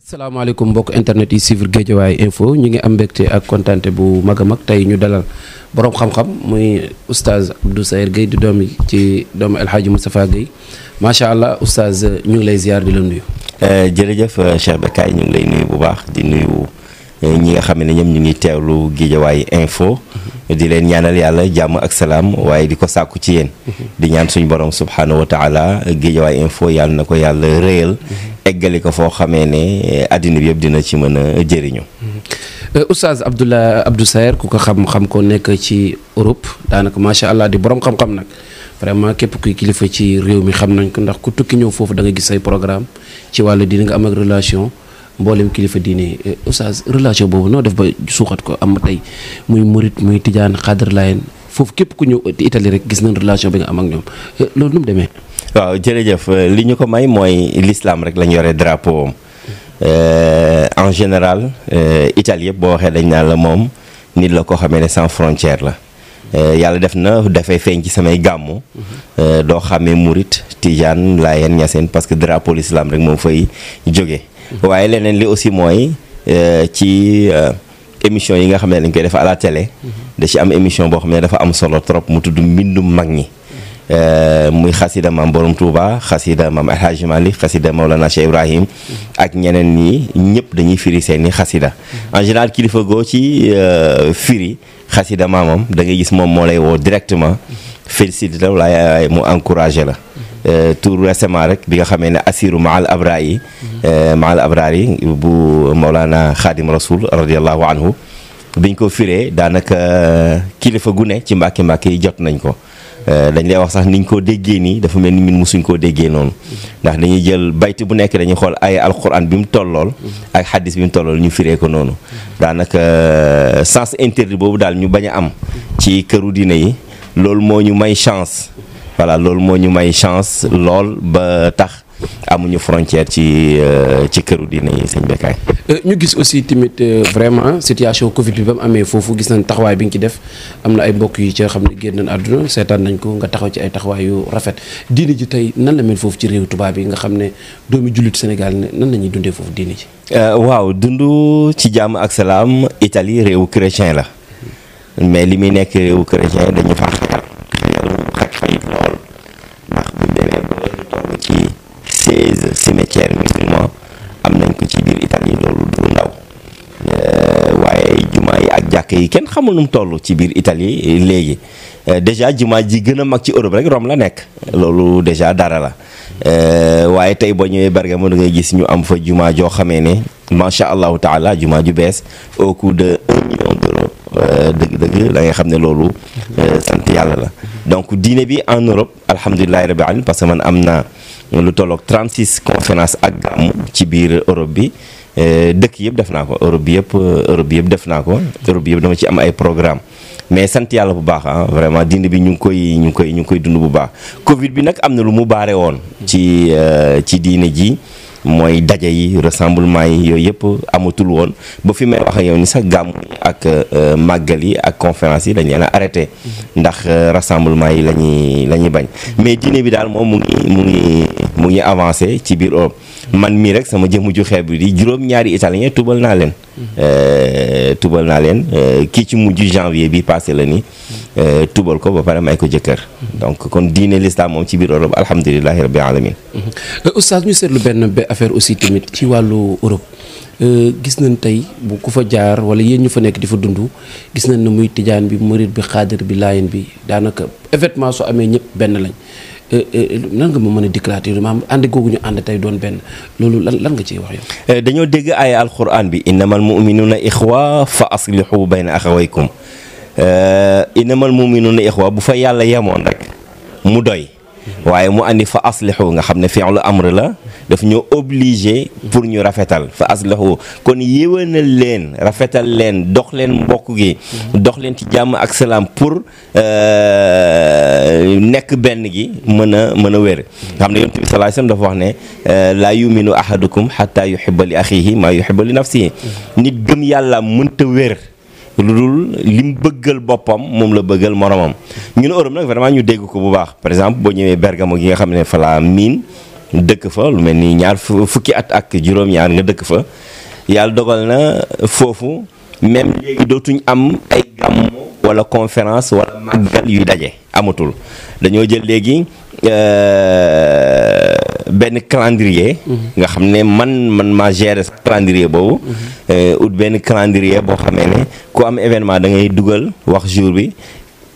salaamaaleykum mbokk internet yi suivre Guédiawaye info ñu ngi am mbégte ak kontante bu mag a mag tey ñu dalal boroom xam-xam muy oustaz Abdou Saer Gueye di doom ci doomu El Hadj Moustapha Gueye macha allah oustaz ñu ngi lay ziar di la nuyu. Euh, jërëjëf euh, Cheikh Bekay ñu ngi lay nuyu bu baax di nuyu euh, ñi nga xam ne ñoom ñu ngi teewlu Guédiawaye info. Mhm. di leen ñaanal yàlla jàmm ak salaam waaye di ko sàkku ci yéen mhm. di ñaan suñu borom subhaanahu wa taala Guédiawaye info yàlla na ko yàlla rëyal mhm. eggale ko foo xamee ne àddina eh, bi yëpp dina ci mën a jëriñu. Mm-hmm. Euh, Oustaz Abdoulaye Abdou Saer ku ko xam xam ko nekk ci Europe daanaka macha allah di borom xam-xam nag vraiment képp kuy kilifa ci réew mi xam nañ ko ndax ku tukki ñëw foofu da nga gis say programme ci wàllu diine nga am ak relation mboolem kilifa diine aussage euh, relation boobu noo def ba suuxat ko am tey muy murit muy tijaan xaadir laayeen foofu képp ku ñëw Italie rek gis nañ relation bi nga am ak ñoom euh, loolu nu mu demee. waaw jërëjëf euh, li ñu ko may mooy l'islam rek lañ yore drapeau euh, en général euh, Italie yëpp boo waxee dañ naan la moom nit la ko xamee ne sans frontière la yàlla def na dafay feeñ ci samay gàmmu doo xamee murit tijaan laayeen ñaseen parce que drapeau l'islam rek moom fay jóge waaye leneen li aussi mooy ci émission yi nga xam ne dañ koy def à la télé mhm. da ci am émission boo xam ne dafa am solo trop mu tudd mbindum mag ñi Euh, muy xasida maam borom Touba xasida maam El Hadj xasida Maolana Cheikh Ibrahim ak ñeneen ñi ñëpp dañuy firi seeni xasida en général kilifa goo ci euh, firi xasida maamam da ngay gis moom moo lay woo directement félicité la mu encouragé la euh, tout récemment rek bi nga xamee ne assiru maal abrar yi maal abrar yi bu Maolana Khadim Rasoul anhu biñ ko fire daanaka kilifa gu ne ci mbàkki mbàkki yi jot nañ ko Euh, dañ lay wax sax ni ñu ko déggee nii dafa mel ni ñun mosuñ koo déggee noonu ndax dañuy jël baytu bu nekk dañuy xool ay alquran bi mu tollool ak xaddis bi mu tollool ñu firee ko noonu daanaka euh, sens interdit boobu daal ñu bañ a am ci këru diine yi loolu moo ñu may chance voilà loolu moo ñu may chance lool ba tax amuñu frontière ci euh, ci këru diine yi sëñ Bécaye. Euh, ñu gis aussi tamit euh, vraiment situation Covid bi ba mu amee foofu gis nañ taxawaay bi nga ci def am na ay mbokk yi ca xam ne génn nañ àdduna seetaan nañ ko nga taxaw ci ay taxawaay yu rafet diine ji tey nan la mel foofu ci réew tubaab yi nga xam ne doomi jullit Sénégal nan la ñuy dundee foofu diine ji. waaw dundu ci jàmm ak salaam Italie réewu chrétien la mais li muy nekk réewu chrétien dañu ak yi kenn xamul num tollu ci bir Italie eh, léegi eh, déjà djuma ji gëna mag ci Europe rek rom la nek lolu déjà dara la eh, waye tay bo Bergamo da ngay gis ñu am fa allahu taala djuma ju bes au coup de un million d'euros dëgg-dëgg da ngay xamné lolu sant yalla la donc diiné bi en Europe alhamdullilah rabbi alamin parce que man amna lu tolok 36 conférence ak gam ci bir Europe bi Euh, dëkk yëpp def naa ko Europe bi yëpp euh, Europe bi yëpp def naa ko Europe bi yëpp dama ci am ay programme mais sant yàlla bu baax ah vraiment dind bi ñu ngi koy ñu ngi koy ñu ngi koy dund bu baax Covid bi nag am na lu mu baare woon. ci euh, ci diine ji mooy daje yi rassemblement yi yooyu yëpp amatul woon ba fi may waxee ak yow ni sax gàmmu ak màggal yi ak conférence yi dañu leen a arrêté. ndax rassemblement yi la ñuy la ñuy bañ mais diine bi daal moom mu ngi mu ngi. mu ngi avancé ci biir Europe man mii rek sama jëmm ju xeeb di juróom-ñaari italien tubal naa leen. Euh, tubal naa leen euh, kii ci mujj janvier bi passé la ni euh, tubal ko ba pare may ko jëkkër. donc kon diine lislaam moom ci biir Europe alhamdulilahi rabbil alamin oustaz ñu seetlu benn ba affaire aussi tamit ci wàllu Europe. gis nañ tey bu ku fa jaar wala yéen ñu fa nekk di fa dundu gis nañ ne muy tijaan bi marit bi xaadir bi laayin bi daanaka événement su amee ñëpp benn lañ Eh, eh, eh, nan nga ma mën a déclarer maanaam ànd googu ñu ànd tey doon benn loolu lan lan nga ciy wax yow. dañoo dégg ay alquran bi innamal mu'minuna ixwa fa aslihu bayna axawaykum innamal mu'minuna ixwa bu fa yàlla yemoon rek mu doy. waaye mu andi fa aslihu nga xam ne fi'lu amr la daf ñu obligé pour ñu rafetal fa aslihu kon yéwénal leen rafetal leen dox leen mbokk gi dox leen ci jàmm ak salaam pour nekk benn gi mën a mën a wér nga xam ne yonent bi sallallahu alayhi wasallam dafa wax ne laa yuminu ahadukum hatta yuhibba li axihi maa yuhibba li nafsihi nit gëm yàlla mënta wér lu dul lim bëggal boppam moom la bëggal moromam ñun Europe nag vraiment ñu dégg ko bu baax par exemple boo ñëwee Bergamo gi nga xam ne fa laa miin dëkk fa lu mel nii ñaar fukki at ak juróom-ñaar nga dëkk fa yàlla dogal na foofu même léegi dootuñ am ay gàmmu wala conférence wala màggal yuy daje amatul dañoo jël léegi. Euh, benn calendrier. Mhm. nga xam ne man man maa gérer calendrier boobu. Mhm. Euh, ut benn calendrier boo xamee ne ku am événement da ngay dugal wax jour bi.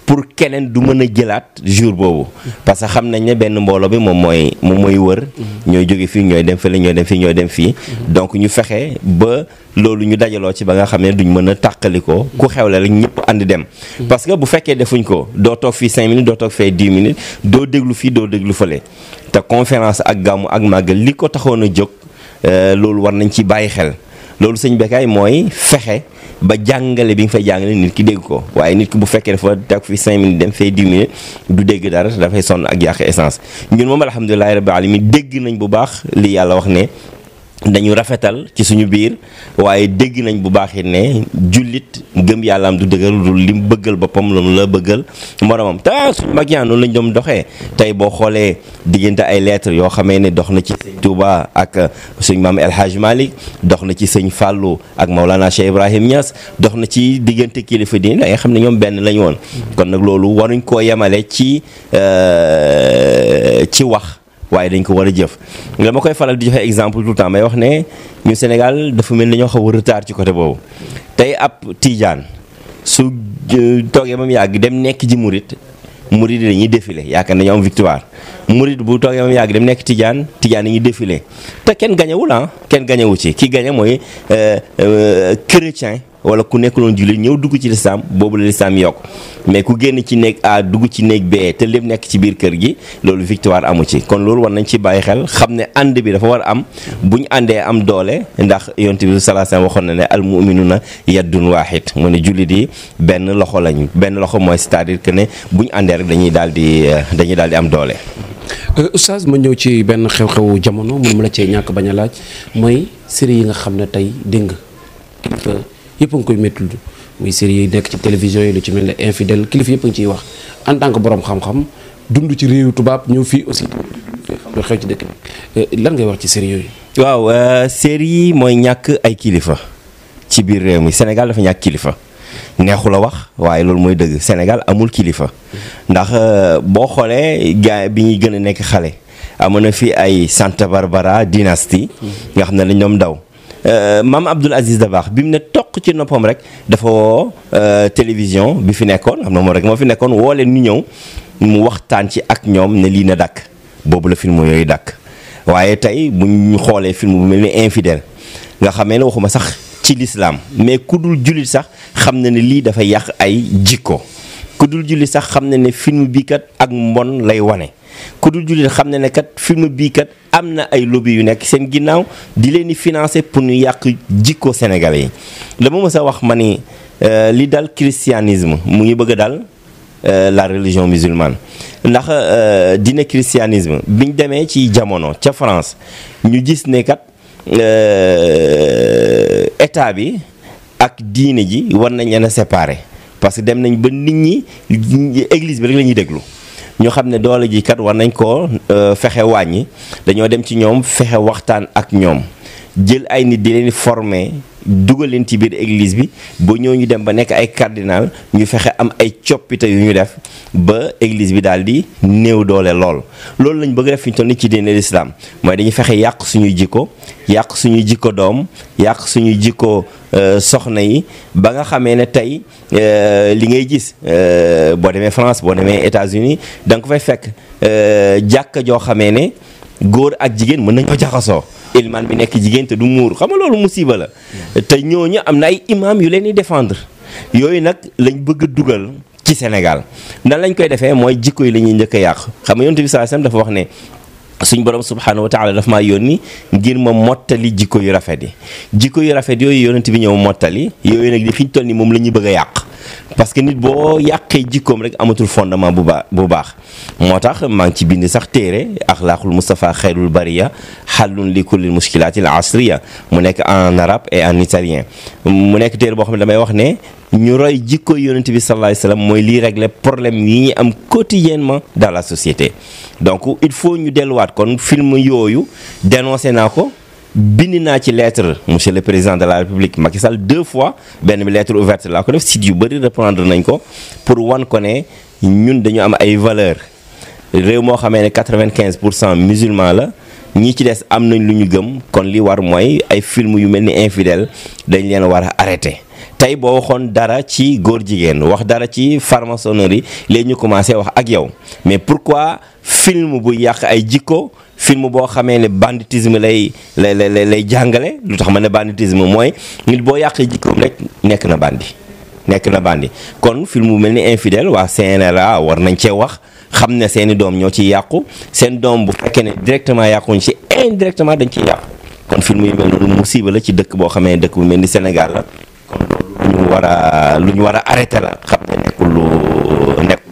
pour keneen du mën a jëlaat jour boobu parce que xam nañ ne benn mbooloo bi moom mooy moom mooy wër ñooy jóge fii ñooy dem fële ñooy dem fii dem fii donc ñu fexe ba loolu ñu dajaloo ci ba nga xam ne duñ mën a tàqalikoo ku xewle rek ñëpp àndi dem parce que bu fekkee defuñ ko doo toog fii cinq minutes doo toog fee 10 minutes doo déglu fii doo déglu fële te conférence ak gàmmu ak màggal li ko taxoon a jóg euh, loolu war nañ ci bàyyi xel loolu sëñ Bécaye mooy fexe ba jàngale bi nga fay jàngale nit ki dégg ko waaye nit ki bu fekkee dafa teg fi 5 minutes dem fay 10 minutes du dégg dara dafay sonn ak yàq essence ñun moom alhamdulilah rabbi alamin dégg nañ bu baax li yàlla wax ne dañu rafetal ci suñu biir waaye dëgg nañ bu baaxee ne jullit gëm yàllaam du dëgër du lim bëggal boppam loolu la bëggal moromam te suñu mag ñaa noonu lañ doon doxee tey boo xoolee diggante ay lettres yoo xamee ne dox na ci sëñ Touba ak euh, suñ maam El Hadj dox na ci sëñ Fallou ak Maulana Cheikh Ibrahim Niass dox na ci diggante kilifa diine da xam ne ñoom benn lañ woon kon nag loolu waruñ koo yemale ci euh, ci wax. waaye dañ ko war a jëf nga dama koy faral di joxe exemple tout temps may wax ne ñu Sénégal dafa mel ni ñoo xaw a retard ci côté boobu tey ab Tijaan su euh, toogee ba mu yàgg dem nekk ji murit murit yi dañuy défilé yaakaar nañu am victoire murit bu toogee ba mu yàgg dem nekk tijaan tijaan dañuy défilé te kenn gañewul ah kenn gañawu ci ki gañe mooy euh, euh, chrétien wala ku nekkuloon jullit ñëw dugg ci lislaam boobu la lislaam yokk mais ku génn ci néeg A dugg ci néeg B te lépp nekk ci biir kër gi loolu victoire amu ci kon loolu war nañ ci bàyyi xel xam ne ànd bi dafa war am bu ñu àndee am doole ndax yonent bi salaasam waxoon na ne al mu'minuna yaddun waahid mu ne jullit yi benn loxo lañu benn loxo mooy cest à que ne bu ñu àndee rek dañuy daal di euh, dañuy daal di am doole. Euh, Oustaz ñëw ci benn xew-xewu jamono mun ma cee ñàkk bañ a laaj mooy série yi nga xam ne tey dégg nga yëpp a ngi koy méttul muy série yi nekk ci télévision yi lu ci mel ne infidèle kilifa yëpp a ngi ciy wax en tant que borom xam-xam dund ci réewu tubaab ñëw fii aussi ci dëkk euh, lan ngay wax ci série yooyu. waaw euh, série yi mooy ñàkk ay kilifa ci biir réew mi Sénégal dafa ñàkk kilifa. neexu la wax waaye loolu mooy dëgg Sénégal amul kilifa ndax euh, boo xoolee gaa bi ñuy gën a nekk xale amoon na fi ay Santa Barbara dynastie nga xam ne la ñoom daw Euh, maam Abdoul Aziz baax bi mu ne toq ci noppam rek dafa woo euh, télévision bi fi nekkoon xam na moom rek moo fi nekkoon woo leen ñu ñëw mu waxtaan ci ak ñoom ne lii na dàkk boobu la film yooyu dàkk waaye tey bu ñu xoolee film bu mel ni infidèle nga xamee ne waxuma sax ci lislaam mais ku dul jullit sax xam na ne lii dafa yàq ay jikko ku dul jullit sax xam na ne film bi kat ak mbon lay wane. ku dul jullit xam ne ne kat film bii kat am na ay lobby yu nekk seen ginnaaw di leen di financer pour ñu yàq jikko sénégal yi. la ma wax ma ni euh, li dal christianisme mu ngi bëgg a dal euh, la religion musulmane ndax euh, dina christianisme biñ demee ci jamono ca France ñu gis ne kat état bi ak diine ji war nañ leen a séparer parce que dem nañ ba nit ñi église bi rek la ñuy déglu. ñu xam ne doole jii kat war nañ ko euh, fexe wàññi dañoo dem ci ñoom fexe waxtaan ak ñoom jël ay nit di leen former dugal leen ci biir église bi ba ñoo ñu dem ba nekk ay cardinal ñu fexe am ay coppite yu ñu def ba église bi daal di néew doole lool loolu lañ bëgg def fi ñu toll ni ci diine lislaam mooy dañuy fexe yàq suñuy jikko yàq suñuy jikko doom yàq suñuy jikko euh, soxna yi ba nga xamee ne tey euh, li ngay gis euh, boo demee France boo demee États-Unis da nga ko fay fekk jàkka joo xamee ne góor ak jigéen mën nañoo jaxasoo ilimaan bi nekk jigéen te du muur xam nga loolu musiba la te ñoo ñu am na ay imaam yu leen di défendre yooyu nag lañ bëgg dugal ci Sénégal nan lañ koy defee mooy jikko yi la ñuy njëkk yàq xam nga yonent bi sallallahu alayhi wasallam dafa wax ne suñ borom subhaanahu wa dafa daf yoon ni ngir ma mottali jikko yu rafet yi jikko yu rafet yooyu yonent bi ñëw mottali yooyu nag fi ñu toll nii moom la ñuy bëgg a yàq parce que nit boo yàqee jikkoom rek amatul fondement bu baax bu baax moo tax maa ngi ci bind sax téere axlaaqul Mustafa xayrul bariya xallun li kulli mushkilaati al asriya mu nekk en arabe et en italien mu nekk téere boo xam ne damay wax ne ñu roy jikko yonent bi sallallahu alayhi mooy lii régler problème yi ñuy am quotidiennement dans la société donc il faut ñu delluwaat kon film yooyu dénoncé naa ko bind ci lettre monsieur le président de la république Macky Sall deux fois ben bi lettre ouverte la ko def si yu bëri reprendre nañ ko pour wan ko ne ñun dañu am ay valeur réew mo xamé ni 95 musulmans musulman la ñi ci dess am nañ luñu gëm kon li war moy ay film yu melni ni infidèle dañ leen war arrêter tey boo waxoon dara ci góor jigéen wax dara ci franc-maçonnerie léegi ñu commencé wax ak yow mais pourquoi film bu yàq ay jikko film boo xamee ne banditisme lay lay lay jàngale lu tax ma ne banditisme mooy nit boo yàqee jikkoom rek nekk na bandi nekk na bandi kon film bu mel ni infidèle waa CNRA war nañ cee wax xam ne seeni doom ñoo ci yàqu seen doom bu fekkee ne directement yàquñ ci indirectement dañ ciy yàqu kon film yu mel noonu musiba la ci dëkk boo xamee dëkk mel ni Sénégal ñu lu ñu war a arrêté la xam ne nekkul lu nekk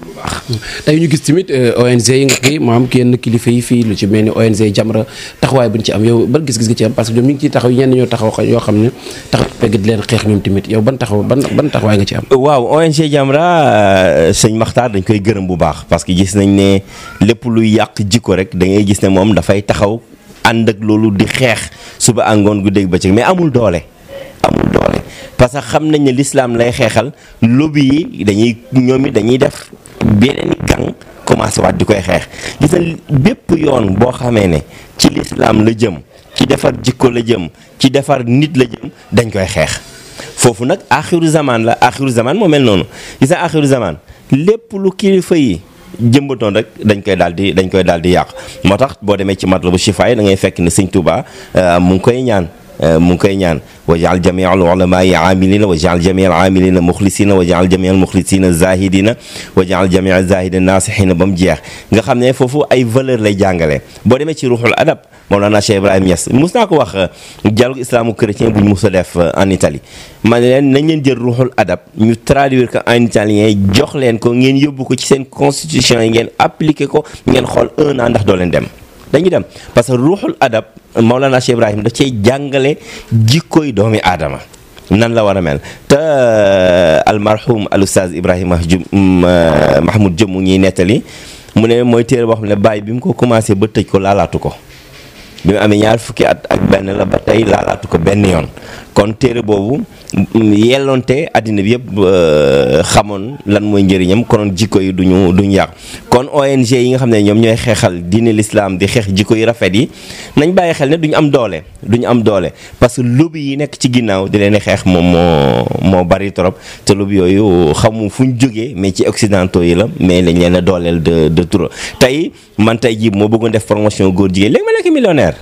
tey ñu gis tamit euh, ONG yi nga xam maam kenn kilifa yi fii lu ci mel ni ONG Jamra taxawaay bu ñu ci am yow ban gis-gis nga ci am parce que ñoom ngi ciy taxaw ñenn ñoo taxaw yoo xam ne taxaw ci pegg leen xeex ñoom tamit yow ban taxaw ban ban taxawaay nga ci am. waaw ONG Jamra euh, sëñ Maxtaar dañ koy gërëm bu baax parce que gis nañ ne lépp luy yàq jikko rek da ngay gis ne moom dafay taxaw ànd ak loolu di xeex suba àngoon gu dégg bëccëg mais amul doole. parce que xam nañ ne lislaam lay xeexal lobby yi dañuy ñoom it dañuy def beneen gang commencé waat di koy xeex gis bépp yoon boo xamee ne ci l'islam la jëm ci defar jikko la jëm ci defar nit la jëm dañ koy xeex foofu nag axiru zaman la axiru zaman moo mel noonu gis na axiru zaman lépp lu kilifa yi jëmbatoon rek dañ koy daal di dañ koy daal di yàq moo tax boo demee ci matlabu shifaay da ngay fekk ne sëñ Touba euh, mu ngi koy ñaan Euh, mu ngi koy ñaan wajaal jamia al ulama yi amilina wajaal jamia al amilina muxlisina wajaal jamia al muxlisina zahidina wajaal jamia zahidina nasihina ba mu jeex nga xam ne foofu ay valeur lay jàngale boo demee ci ruuxul adab Mawlana Cheikh Ibrahim Niass mus naa ko wax euh, dialogue islamo chrétien bu musa def euh, en Italie ma ne leen nañ leen jël ruuxul adab ñu traduire ko en italien jox leen ko ngeen yóbbu ko ci seen constitution yi ngeen appliqué ko ngeen xool un an ndax doo leen dem dañuy dem parce que ruuxul adab Maulana Cheikh Ibrahim da cee jàngale jikkoy doomi aadama nan la war a mel te euh, almarhum al ustaz Ibrahima mm, euh, Mahmoud Jom ñuy nettali mu ne mooy téere boo xam ne bàyyi bi mu ko commencé ba tëj ko laalaatu ko bi mu amee ñaar fukki at ak benn la ba tey laalaatu ko benn yoon kon téere boobu mm, yelloonte àddina bi yëpp euh, xamoon lan mooy njëriñam konoon jikko yi duñu duñu yàq kon ONG yi nga xam ne ñoom ñooy xeexal diine lislaam di xeex jikko yu rafet yi nañ bàyyi xel ne duñu am doole duñu am doole parce que lobby yi nekk ci ginnaaw di leen xeex moom moo moo bari trop te lobby yooyu xamu fu ñu jógee mais ci occidentaux yi la mais lañ leen a dooleel de de trop tey man tey jii moo bëggoon def promotion góor jigéen léegi ma nekk millionnaire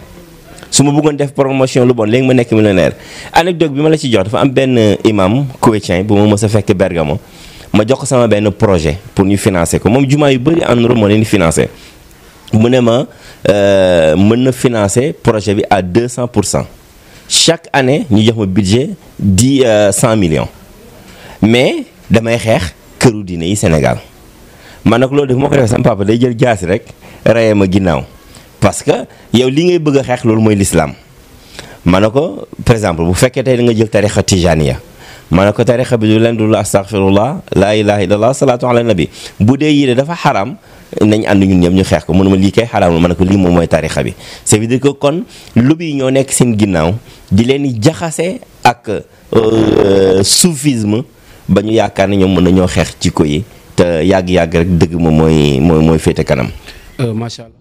su ma bëggoon def promotion lu bon léegi ma nekk millionnaire anecdote bi ma la ci jox dafa am benn imam kuwétien bu ma mës a Bergamo ma jox ko sama benn projet pour ñu financer ko moom jumaa yu bëri en Europe moo financer mu ne ma euh, mën na financer projet bi à 200 chaque année ñu jox ma budget di 100 euh, millions mais damay xeex këru diine yi Sénégal man nag loolu def moo ko defee sama papa day jël jaasi rek rayee ma ginnaaw. parce que yow li ngay bëgg a xeex loolu mooy lislaam ma ne ko par exemple bu fekkee tey da nga jël tarixa tijaniya ma ne ko tarixa bi du leen dul astaghfirullah la ilaha illallah salaatu ala nabi bu dee yii de dafa xaram nañ ànd ñun ñëpp ñu xeex ko mënuma lii kay xaraamul ma ne ko lii moom mooy tarixa bi ça veut dire kon lobby yi ñoo nekk seen ginnaaw di leen di jaxase ak euh, soufisme ba ñu yaakaar ne ñoom mën nañoo xeex ci ko yi te yàgg-yàgg rek dëgg moom mooy mooy mooy féete kanam euh, macha allah